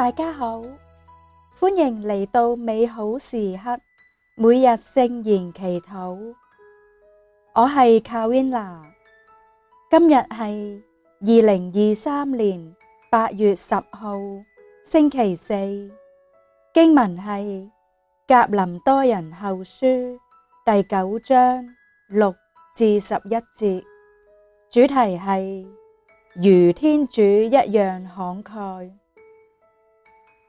大家好，歡迎嚟到美好時刻，每日聖言祈禱。我係 Carina，今日係二零二三年八月十號星期四，經文係《格林多人後書》第九章六至十一節，主題係如天主一樣慷慨。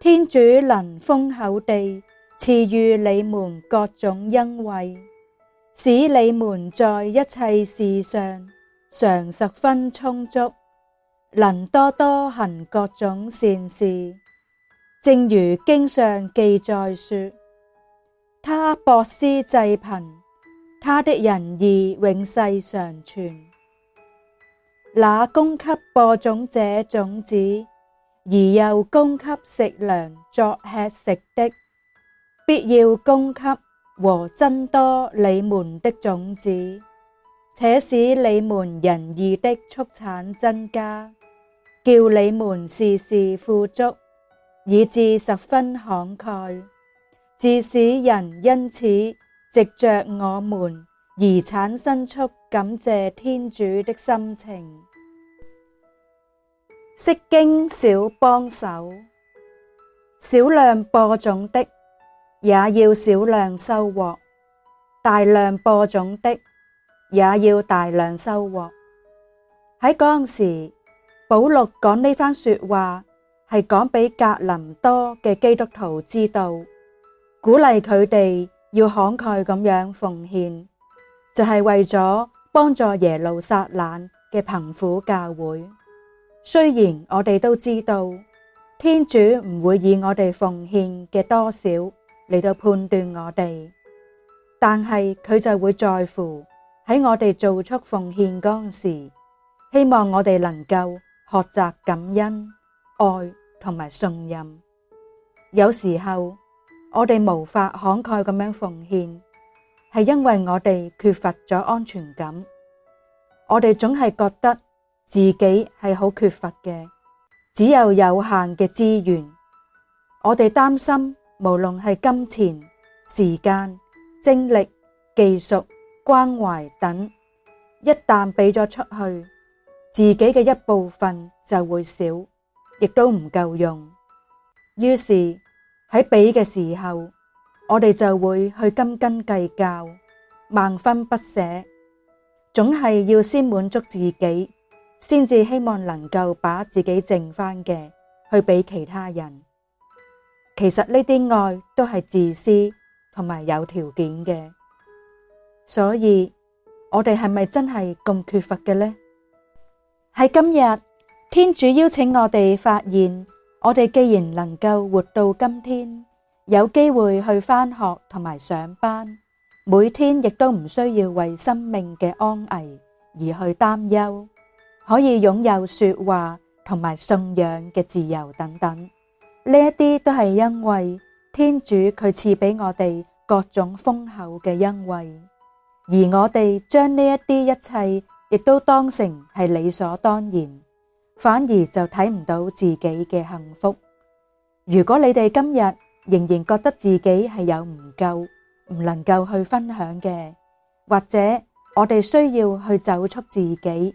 天主能豐厚地賜予你們各種恩惠，使你們在一切事上常十分充足，能多多行各種善事，正如經上記載說，他博施濟貧，他的仁義永世常存。那供給播種者種子，而又供給食糧作吃食的，必要供給和增多你們的種子，且使你們仁義的出產增加，叫你們事事富足，以致十分慷慨，致使人因此藉着我們而產生出感謝天主的心情。釋經小幫手，小量播種的，也要小量收穫；大量播種的，也要大量收穫。喺嗰陣時，保祿講呢番說話，係講俾格林多嘅基督徒知道，鼓勵佢哋要慷慨咁樣奉獻，就係、是、為咗幫助耶路撒冷嘅貧苦教會。雖然我哋都知道天主唔會以我哋奉獻嘅多少嚟到判斷我哋，但係佢就會在乎喺我哋做出奉獻嗰陣時，希望我哋能夠學習感恩、愛同埋信任。有時候我哋無法慷慨咁樣奉獻，係因為我哋缺乏咗安全感，我哋總係覺得。自己係好缺乏嘅，只有有限嘅資源。我哋擔心，無論係金錢、時間、精力、技術、關懷等，一旦俾咗出去，自己嘅一部分就會少，亦都唔夠用。於是喺俾嘅時候，我哋就會去斤斤計較，萬分不捨，總係要先滿足自己。先至希望能夠把自己剩翻嘅去俾其他人。其實呢啲愛都係自私同埋有條件嘅，所以我哋係咪真係咁缺乏嘅呢？喺今日，天主邀請我哋發現，我哋既然能夠活到今天，有機會去翻學同埋上班，每天亦都唔需要為生命嘅安危而去擔憂。可以擁有說話同埋信仰嘅自由等等，呢一啲都係因為天主佢賜俾我哋各種豐厚嘅恩惠，而我哋將呢一啲一切亦都當成係理所當然，反而就睇唔到自己嘅幸福。如果你哋今日仍然覺得自己係有唔夠，唔能夠去分享嘅，或者我哋需要去走出自己。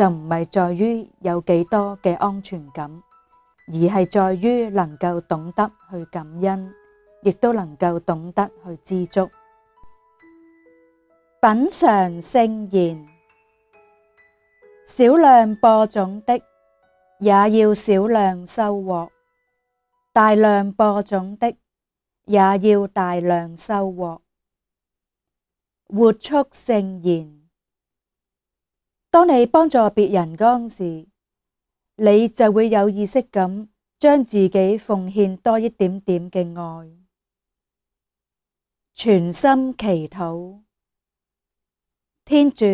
就唔係在於有幾多嘅安全感，而係在於能夠懂得去感恩，亦都能夠懂得去知足。品嘗聖言，小量播種的也要小量收穫；大量播種的也要大量收穫。活出聖言。當你幫助別人時，你就會有意識咁將自己奉獻多一點點嘅愛，全心祈禱。天主，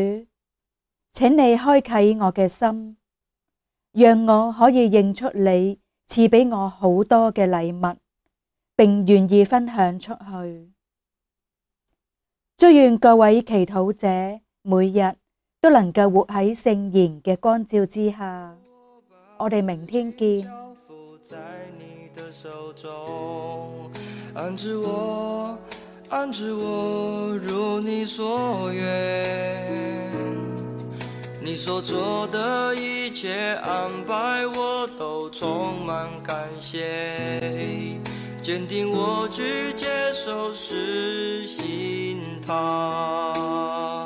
請你開啟我嘅心，讓我可以認出你賜俾我好多嘅禮物，並願意分享出去。祝願各位祈禱者每日都能夠活喺聖言嘅光照之下，我哋明天見。我把你交付在你的手中。安置我，安置我，如你所願，你所做的一切安排，我都充滿感謝，堅定我去接受實行祂。